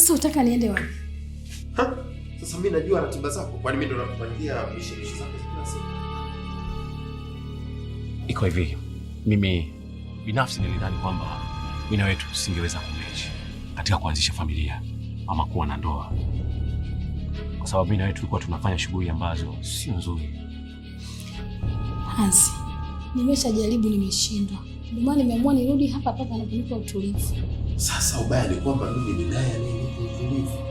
Sasa utaka niende wapi? Sasa mimi najua ratiba zako, kwani mimi ndo nakupangia mishi zako kila siku. Iko hivi, mimi binafsi nilidhani kwamba mimi na wewe tusingeweza kumechi katika kuanzisha familia ama kuwa na ndoa, kwa sababu mimi na wewe tulikuwa tunafanya shughuli ambazo sio nzuri. Hansi, nimeshajaribu, nimeshindwa, ndio maana nimeamua nirudi hapa hapa na kunipa utulivu. Sasa ubaya ni kwamba mimi ninaye nisikilize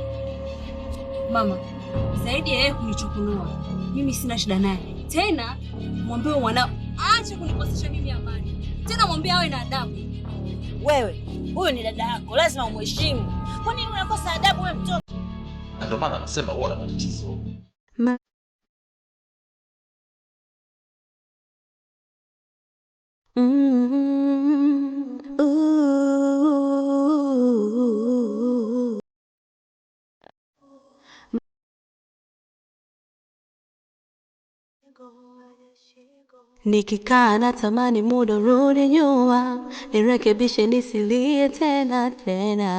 mama, zaidi ya yeye kunichokonoa mimi sina shida naye tena. Mwambie mwanao aache kunikosesha mimi amani, tena mwambie awe na adabu. Wewe huyu ni dada yako, lazima umheshimu. Kwa nini unakosa adabu wewe mtoto? Ndio maana anasema huwa na matatizo mm. Nikikaa tamani muda rudi nyuma, nirekebishe nisilie tena tena.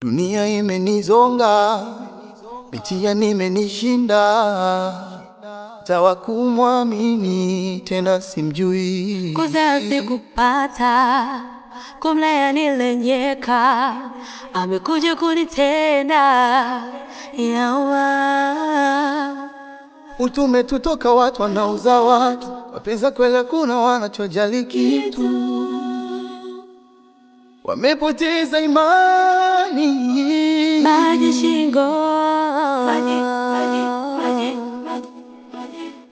Dunia imenizonga, mitia nimenishinda tawa kumwamini tena simjui, kuzazi kupata kwa mlaya nilenyeka, amekuja kunitenda yawa utume tutoka watu wanauza watu wapenza kwele kuna wanachojali kitu, wamepoteza imani maji shingo, maji,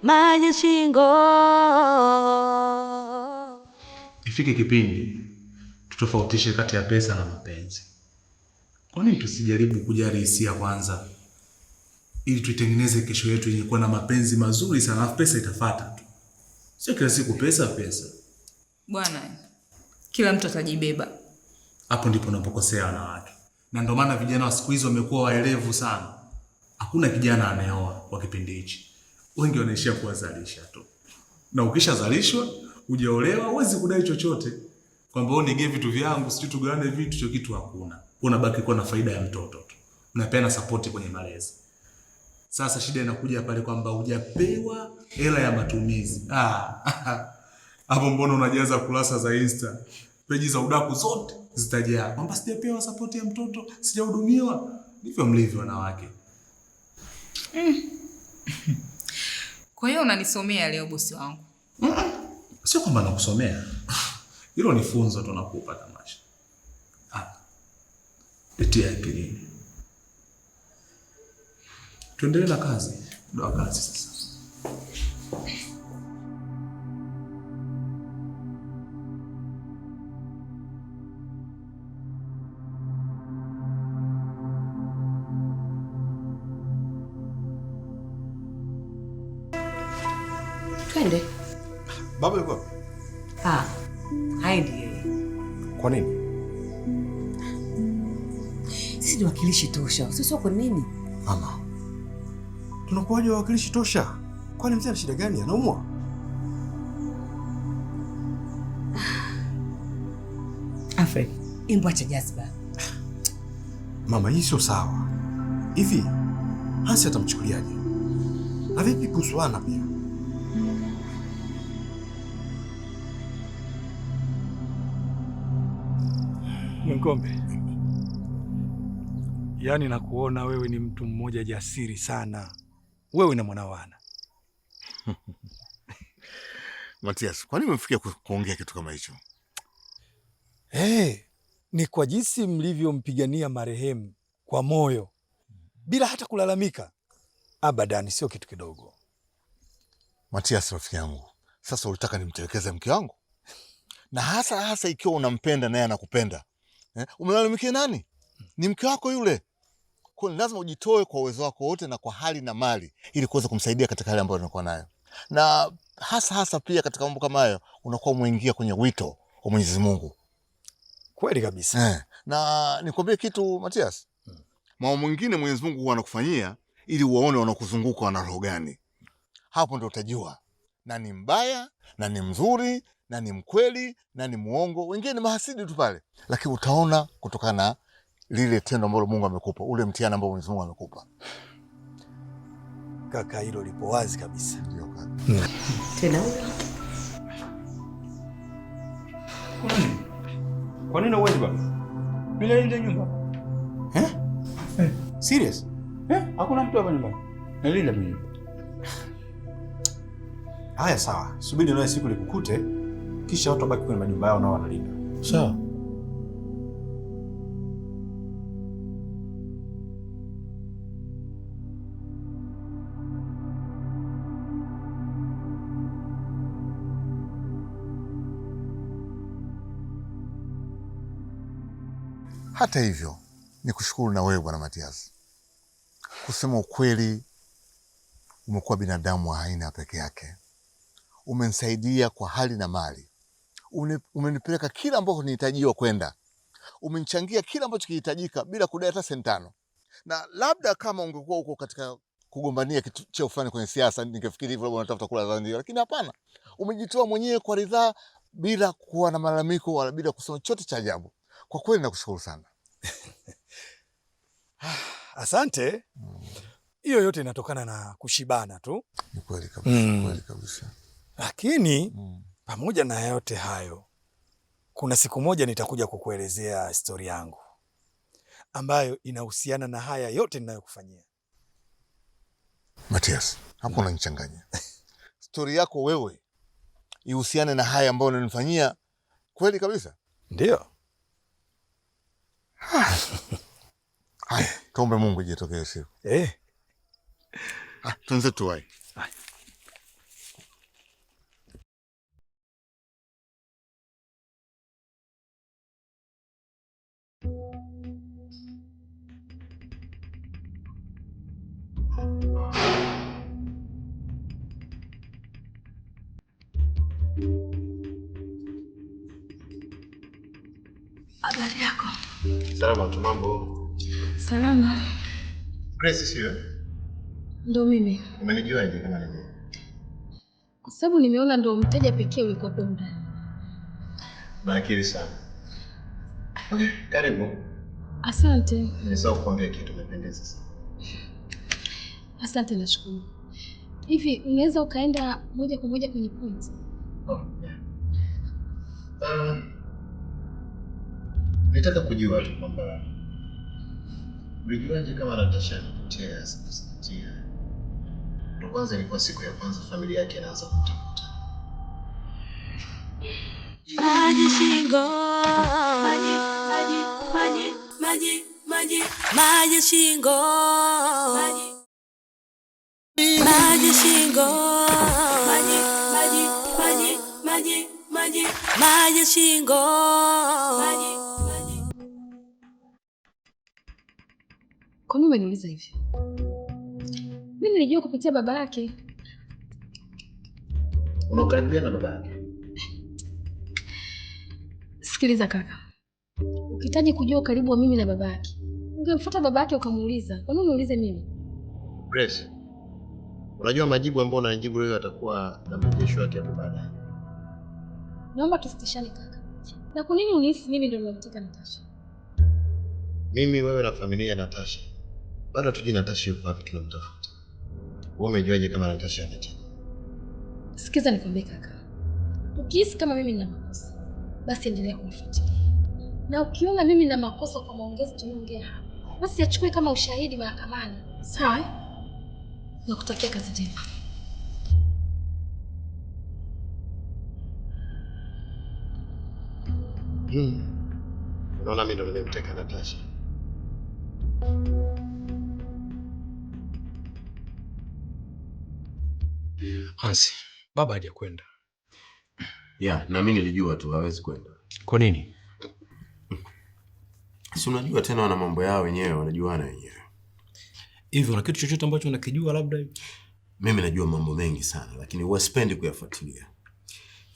maji shingo. Ifike kipindi tutofautishe kati ya pesa na mapenzi. Kwa nini tusijaribu kujali hisia kwanza, ili tuitengeneze kesho yetu yenye kuwa na mapenzi mazuri sana, alafu pesa itafuata tu, sio kila siku pesa pesa. Bwana, kila mtu atajibeba. Hapo ndipo unapokosea wanawake, na ndio maana vijana wa siku hizi wamekuwa waelevu sana. Hakuna kijana anayeoa kwa kipindi hichi, wengi wanaishia kuwazalisha tu, na ukishazalishwa ujaolewa, huwezi kudai chochote kwamba wewe nigee vitu vyangu, sijui tugawane vitu, hicho kitu hakuna. Wewe unabaki kuwa na faida ya mtoto tu, unapeana support kwenye malezi. Sasa shida inakuja pale kwamba hujapewa hela ya matumizi. Ah, hapo mbona unajaza kurasa za Insta, peji za udaku zote zitajaa kwamba sijapewa support ya mtoto, sijahudumiwa. Ndivyo mlivyo wanawake. Mm. Kwa hiyo unanisomea leo bosi wangu? Mm -mm. Sio kwamba nakusomea hilo ni funzo tunakupa tamasha. Ah. Tetea Tuendelee na kazi. Ndio kazi sasa. tosha. Sisi wako nini? Mama, tunakuwaje wawakilishi tosha? Kwani mzee ana shida gani? Anaumwa? Alfred, embu acha jazba. Mama, hii sio sawa. Hivi Hansi atamchukuliaje? Na vipi kuhusu Ana pia? Mkombe yaani nakuona wewe ni mtu mmoja jasiri sana, wewe na Mwanawana. Matias, kwa nini umefikia kuongea kitu kama hicho? Hey, eh, ni kwa jinsi mlivyompigania marehemu kwa moyo bila hata kulalamika, abadani, sio kitu kidogo. Matias rafiki yangu, sasa ulitaka nimtelekeze mke wangu, na hasa hasa ikiwa unampenda naye anakupenda eh? Umelalamikia nani? Ni mke wako yule. Kwa hiyo lazima ujitoe kwa uwezo wako wote na kwa hali na mali ili kuweza kumsaidia katika hali ambayo unakuwa nayo. Na hasa hasa pia katika mambo kama hayo unakuwa umeingia kwenye wito wa Mwenyezi Mungu. Kweli kabisa. Eh, na nikwambie kitu Matias. Hmm. Mambo mwingine Mwenyezi Mungu huwa anakufanyia ili uwaone wanakuzunguka wana roho gani. Hapo ndio utajua na ni mbaya na ni mzuri na ni mkweli na ni muongo. Wengine ni mahasidi tu pale, lakini utaona kutokana na lile tendo ambalo Mungu amekupa, ule mtihani ambao Mwenyezi Mungu amekupa. Kaka, hilo lipo wazi kabisa. Ndio kaka. Tena kwa nini uwezi baba? Bila ile nyumba. Eh? Eh, serious? Eh, hakuna mtu hapa nyumbani. Na lile mimi. Haya sawa. Subiri nawe siku likukute kisha watu wabaki kwenye majumba yao nao wanalinda. Sawa. Hata hivyo ni kushukuru na wewe Bwana Matias, kusema ukweli, umekuwa binadamu wa aina ya peke yake. Umenisaidia kwa hali na mali, umenipeleka kila ambako nihitajiwa kwenda, umenichangia kila ambacho kihitajika bila kudai hata sentano. Na labda kama ungekuwa huko katika kugombania kitu cheo fulani kwenye siasa, ningefikiri hivyo, labda unatafuta kula za ndio, lakini hapana, umejitoa mwenyewe kwa ridhaa, bila kuwa na malalamiko wala bila kusema chochote cha ajabu. Kwa kweli nakushukuru sana ah, asante. Mm. Hiyo mm. yote inatokana na kushibana tu. Ni kweli kabisa, mm. kweli kabisa. Lakini mm. pamoja na yote hayo, kuna siku moja nitakuja kukuelezea historia yangu ambayo inahusiana na haya yote ninayokufanyia Matias. Hapo unanichanganya mm. stori yako wewe ihusiane na haya ambayo unanifanyia? Kweli kabisa, ndio. Haya, tuombe Mungu ijitokee siku eh. Ah, tuwai habari yako Salama tu, mambo salama. Grace sio? Ndo mimi. Umenijua Umenijuaje kama ni Kwa sababu nimeona ndo mteja pekee ulikuwa ndani. Baki sana. Okay, karibu. Asante. Nimesahau kukuambia kitu, umependeza sana. Asante, na nashukuru. Hivi unaweza ukaenda moja kwa moja kwenye point? Oh, yeah. Um, Nitaka kujua tu kwamba vijuaje kama Natasha alipotea sikusikia. Ndo kwanza ilikuwa siku ya kwanza familia yake inaanza kumtafuta. Maji shingo, maji, maji, maji, maji, maji, maji shingo, maji, maji shingo, maji, maji, maji, maji, maji, maji shingo, maji Kwa nini umeniuliza hivi? Mimi nilijua kupitia baba yake. Unakaribia na baba yake? Sikiliza kaka, ukihitaji kujua ukaribu wa mimi na baba yake ungemfuata baba yake ukamuuliza. Kwa nini uniulize mimi? Grace, unajua majibu ambayo unanijibu leo yatakuwa na majesho yake hapo baadaye. Naomba tusitishane kaka. Na kwa nini unihisi mimi ndio ninamtaka Natasha? Mimi, wewe na familia ya Natasha bado tuji Natasha yuko wapi, tunamtafuta. Wewe umejuaje kama Natasha ametea? Sikiza nikwambie kaka, ukihisi kama mimi nina makosa, basi endelea kunifuatilia, na ukiona mimi nina makosa kwa maongezi tunaongea hapa, basi yachukue kama ushahidi mahakamani, sawa? Eh? Nakutakia kazi njema. Hmm. Unaona mimi ndo nimemteka Natasha. Hansi, baba hajakwenda. Yeah, na mimi nilijua tu hawezi kwenda. Kwa nini? Si unajua tena wana mambo yao wenyewe, wanajuana wenyewe. Hivyo na kitu chochote ambacho unakijua labda? Mimi najua mambo mengi sana lakini waspendi kuyafuatilia.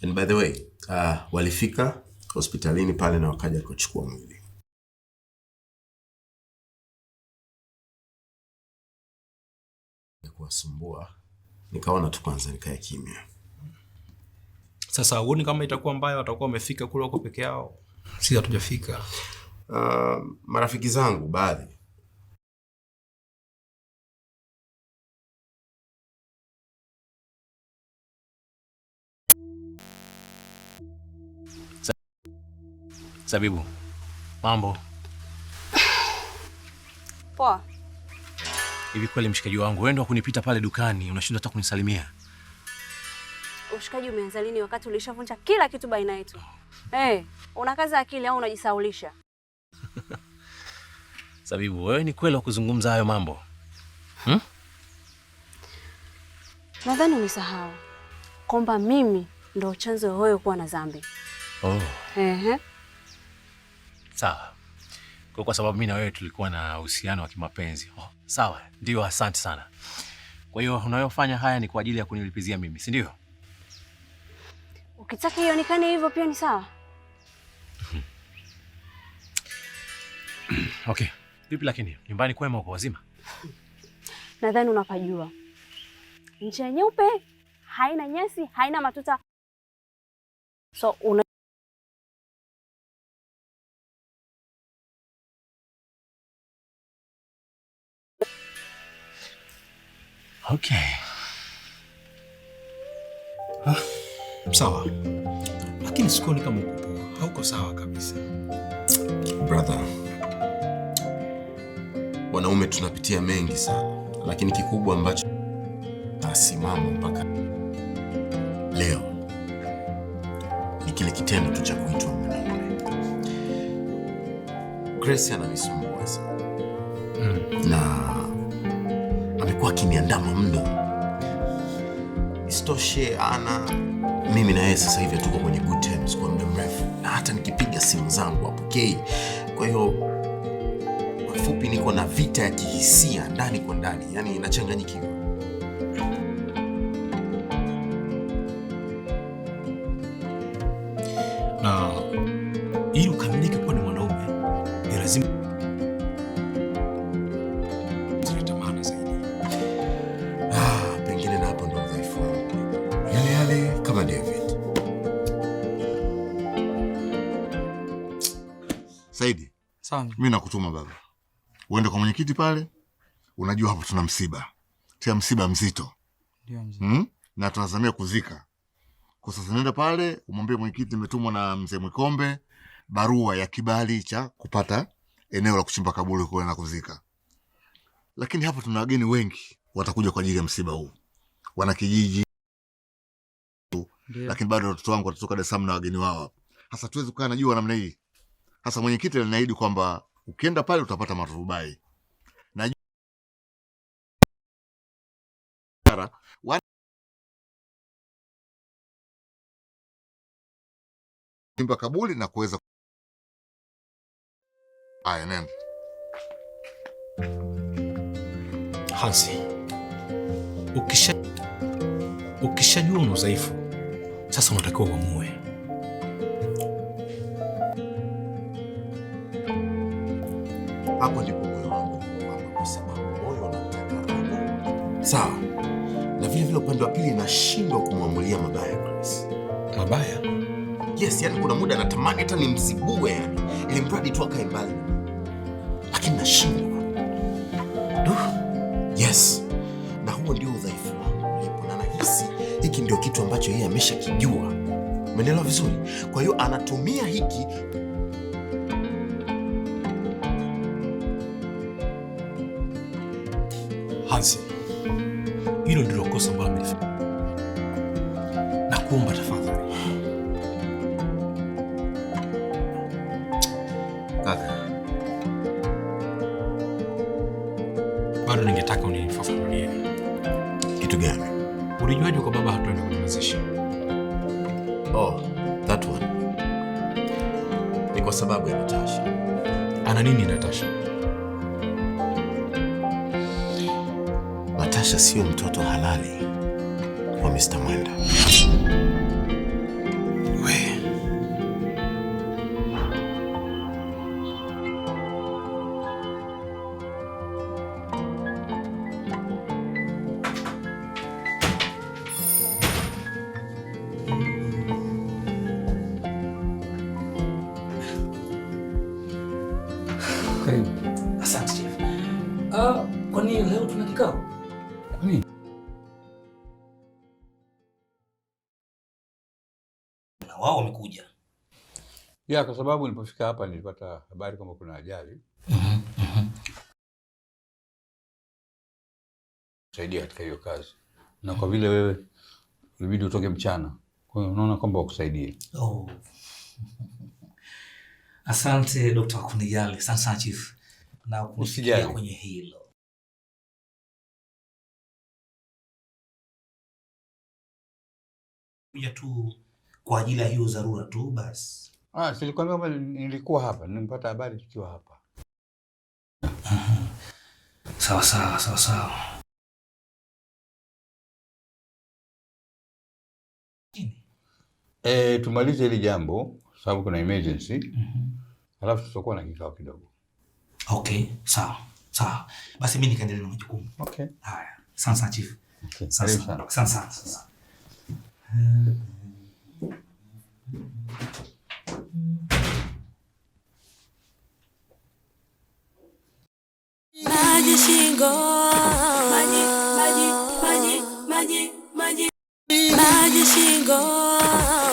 And by the way, uh, walifika hospitalini pale na wakaja kuchukua mwili. Kuwasumbua nikaona tu kwanza nikae kimya. Sasa huoni kama itakuwa mbaya, watakuwa wamefika kule wako peke yao, sisi hatujafika? Uh, marafiki zangu baadhi Zabibu, mambo poa. Hivi kweli mshikaji wangu, wewe ndio kunipita pale dukani, unashindwa hata kunisalimia? Ushikaji umeanza lini wakati ulishavunja kila kitu baina yetu? Oh. Eh, hey, unakaza akili au unajisaulisha? Sabibu, wewe ni kweli wa kuzungumza hayo mambo hmm? Nadhani umesahau kwamba mimi ndo chanzo wewe kuwa na dhambi. Oh. Ehe. Sawa. kwa sababu mimi na wewe tulikuwa na uhusiano wa kimapenzi. Oh. Sawa, ndio, asante sana. Kwa hiyo unayofanya haya ni kwa ajili ya kunilipizia mimi, si ndio? Ukitaka ionekane hivyo pia ni sawa. Okay. Vipi lakini nyumbani kwema uko wazima? Nadhani unapajua. Nchi nyeupe haina nyasi, haina matuta. So una Okay. Ha? Ah, sawa, lakini sikuoni kama uko poa, hauko sawa kabisa brother. Wanaume tunapitia mengi sana, lakini kikubwa ambacho nasimama mpaka leo ni kile kitendo tu cha kuitwa mwanaume. Grace ananisumbua sana mm. na kimekuwa kiniandama mno. Isitoshe, ana mimi na yeye sasa hivi tuko kwenye good terms kwa muda mrefu, na hata nikipiga simu zangu hapokei. Kwa hiyo kwa kifupi, niko na vita ya kihisia ndani kwa ndani, yani inachanganyikiwa. sana. Mimi nakutuma baba, uende kwa mwenyekiti pale, unajua hapo tuna msiba, tia msiba mzito, ndio mzito. hmm? na tunazamia kuzika kwa sasa. Nenda pale umwambie mwenyekiti, nimetumwa na mzee Mwikombe barua ya kibali cha kupata eneo la kuchimba kaburi kule na kuzika, lakini hapa tuna wageni wengi watakuja kwa ajili ya msiba huu, wana kijiji Lakini bado watoto wangu watatoka Dar es Salaam na wageni wao hapa. Sasa tuwezi kukaa na jua namna hii sasa mwenyekiti aliniahidi kwamba ukienda pale utapata maturubai na kabuli na kuweza aya Nenda Hansi, ukishajua ukisha una udhaifu sasa, unatakiwa uamue Hapo ndipo moyo wangu unakwama, kwa sababu moyo unataka Robo sawa, na vile vile upande wa pili nashindwa kumwamulia mabaya Grace. Mabaya? Yes, yani kuna muda natamani hata nimzibue, yani ili mradi tu akae mbali, lakini nashindwa. Yes, na huo ndio udhaifu wangu na nahisi hiki ndio kitu ambacho yeye ameshakijua. Umeelewa vizuri? Kwa hiyo anatumia hiki hilo ndilo kosa ambalo nimefanya. Nakuomba tafadhali kaka, bado ningetaka unifafanulie kitu gani? Ulijuaje kwa baba hatuende kwenye mazishi? Oh, that one. Ni kwa sababu ya Natasha. Ana nini Natasha? Natasha sio mtoto halali wa Mr. Mwenda. na wao wamekuja. Ya, kwa sababu nilipofika hapa nilipata habari kwamba kuna ajali. Mm Saidia katika hiyo kazi na kwa vile wewe ulibidi utoke mchana, kwa hiyo unaona kwamba wakusaidie. Oh. Asante Dr. Kunijali, asante sana chief na kusikia kwenye hilo. Kuja tu kwa ajili ya hiyo dharura tu basi. Ah, silikwambia kwamba nilikuwa hapa, nimpata habari tukiwa hapa. Sawa sawa sawa sawa. Eh, tumalize hili jambo sababu kuna emergency. mm -hmm. Alafu tutakuwa na kikao kidogo. Okay, sawa sawa, basi mimi nikaendelea na majukumu. Okay, haya, Sasa. sana Sasa. Sasa. Sasa. Maji shingo, maji, maji, maji, maji, maji, maji shingo,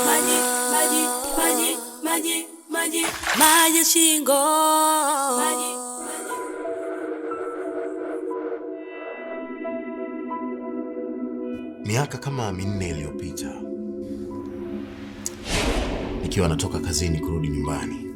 maji, maji, maji, maji, maji, maji shingo, Miaka kama minne iliyopita akiwa anatoka kazini kurudi nyumbani.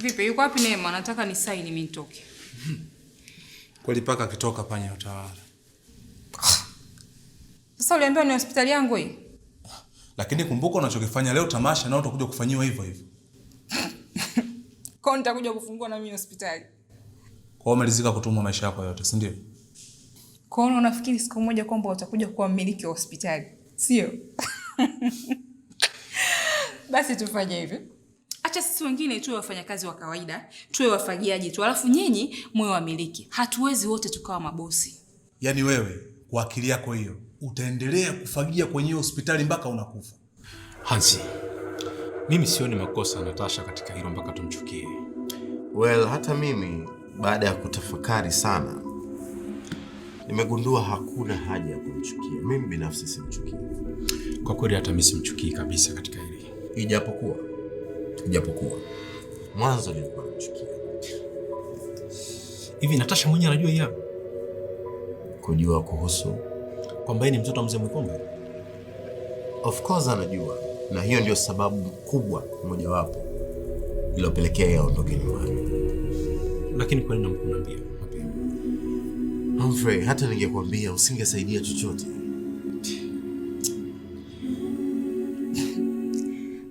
Vipi, yuko wapi Neema? Nataka ni saini mimi nitoke. Hmm. Kweli paka akitoka panya utawala. Sasa uliambiwa ni hospitali yangu hii? Lakini kumbuka unachokifanya leo tamasha na utakuja kufanyiwa hivyo hivyo. Kwa nitakuja kufungua na mimi hospitali. Kwa umalizika kutumwa maisha yako yote, si ndio? Kwa hiyo unafikiri siku moja kwamba utakuja kuwa mmiliki wa hospitali, sio? Basi tufanye hivyo acha sisi wengine tuwe wafanyakazi wa kawaida, tuwe wafagiaji tu, alafu nyinyi mwe wamiliki. Hatuwezi wote tukawa mabosi. Yaani wewe kwa akili yako hiyo utaendelea kufagia kwenye hospitali mpaka unakufa? Hansi, mimi sioni makosa Natasha katika hilo mpaka tumchukie. Well, hata mimi baada ya kutafakari sana nimegundua hakuna haja ya kumchukia. Mimi binafsi simchukii kwa kweli, hata mimi simchukii kabisa katika hili, ijapokuwa japokuwa mwanzo nilikuwa namchukia. Hivi Natasha mwenyewe anajua hiyo? Kujua kuhusu kwamba yeye ni mtoto wa mzee Mwikombe? Of course anajua, na hiyo ndio sababu kubwa mojawapo iliyopelekea yeye aondoke nyumbani. Lakini kwa nini namkuambia Humphrey? Hata ningekwambia usingesaidia chochote.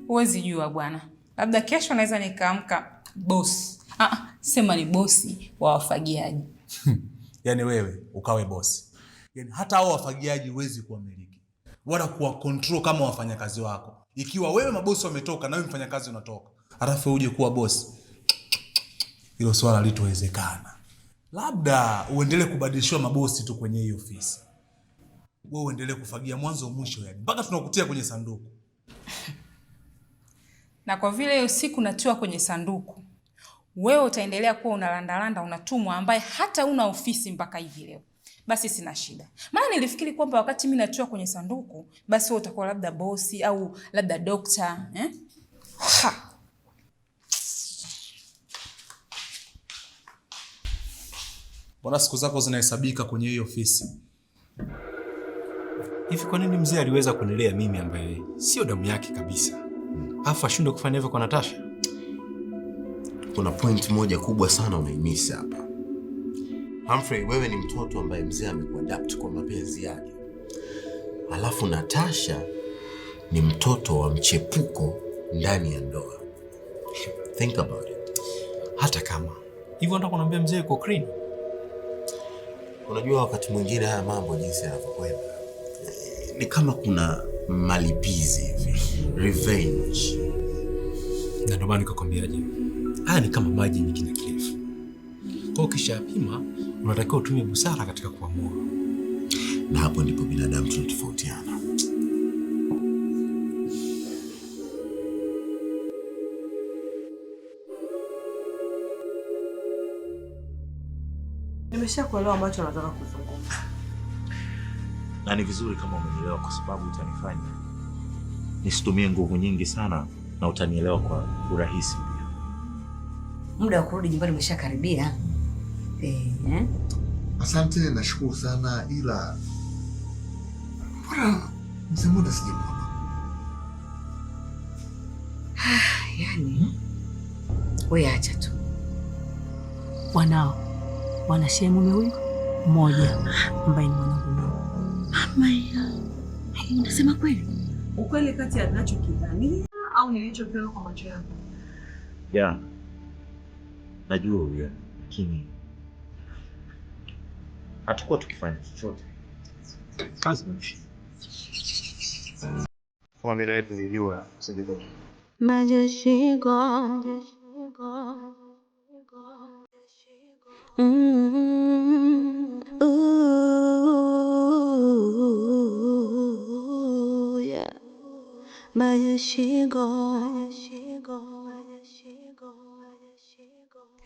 Huwezi jua bwana labda kesho naweza nikaamka bosi. Ah, sema ni bosi wa wafagiaji yaani wewe ukawe bosi yaani, hata hao wafagiaji huwezi kuwamiliki wala kuwa control kama wafanyakazi wako. Ikiwa wewe mabosi wametoka na wewe mfanyakazi unatoka, alafu uje kuwa bosi, hilo swala litowezekana. Labda uendelee kubadilishiwa mabosi tu kwenye hii ofisi, wewe uendelee kufagia mwanzo mwisho, yani mpaka tunakutia kwenye sanduku na kwa vile hiyo siku natiwa kwenye sanduku, wewe utaendelea kuwa unalandalanda, unatumwa, ambaye hata una ofisi mpaka hivi leo, basi sina shida. Maana nilifikiri kwamba wakati mimi natiwa kwenye sanduku, basi wewe utakuwa labda bosi au labda dokta eh? Ha. Bora siku zako zinahesabika kwenye hiyo ofisi. Hivi kwa nini mzee aliweza kunilea mimi ambaye sio damu yake kabisa? afu ashindwe kufanya hivyo kwa Natasha? Kuna point moja kubwa sana unaimisi hapa. Humphrey, wewe ni mtoto ambaye mzee amekuadapt kwa mapenzi yake, alafu Natasha ni mtoto wa mchepuko ndani ya ndoa. Think about it. Hata kama hivyo ndo kunaambia mzee uko clean. Unajua wakati mwingine haya mambo jinsi yanavyokwenda eh, ni kama kuna malipizi hivi, revenge. Na ndio maana nikakwambia, haya ni kama maji yenye kina kirefu. Kwa ukisha pima, unatakiwa utumie busara katika kuamua, na hapo ndipo binadamu tunatofautiana. Nimeshakuelewa ambacho nataka kuzungumza na ni vizuri kama umenielewa, kwa sababu utanifanya nisitumie nguvu nyingi sana na utanielewa kwa urahisi pia. Muda wa kurudi nyumbani umeshakaribia. Eh, eh. Asante, nashukuru sana ila mbona mzee Moda sijamwona? Ah, yani wewe acha tu wanao wana shemu huyu mmoja ambaye ni mwanangu Unasema kweli? Ukweli kati ya ninachokidhania au nilichokiona kwa macho yangu. Ya. Najua huyo, lakini hatakuwa tukifanya chochote. Familia yetu ilijua majashigo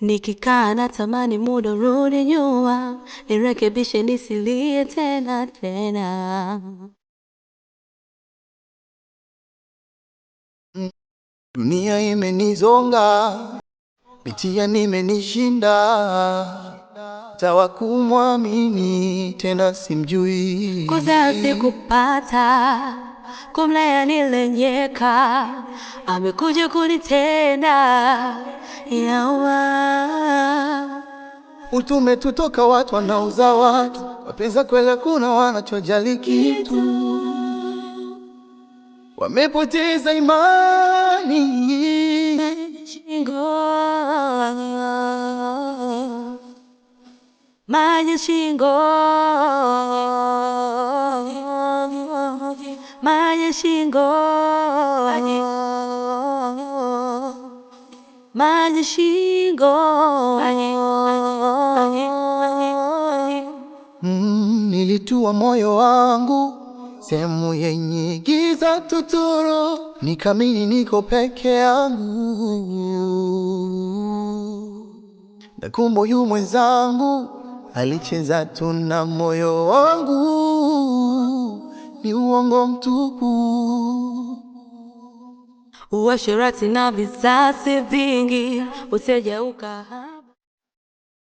Nikikaa tamani muda rudi nyuma, nirekebishe nisilie tena tena. Dunia imenizonga, mitia nimenishinda tawa kumwamini tena simjui, kosa kupata kumla yanilenyeka, amekuja kunitenda yawa utume tutoka watu wanauza watu wapenza kwele kuna wanachojali kitu, wamepoteza imani shingo maji shingo majengo maji mm, nilitua moyo wangu sehemu yenye giza tuturo nikamini niko peke yangu, Nakumbo yu mwenzangu alicheza tuna moyo wangu ni uongo mtupu. Uasherati na visasi vingi, usijeuka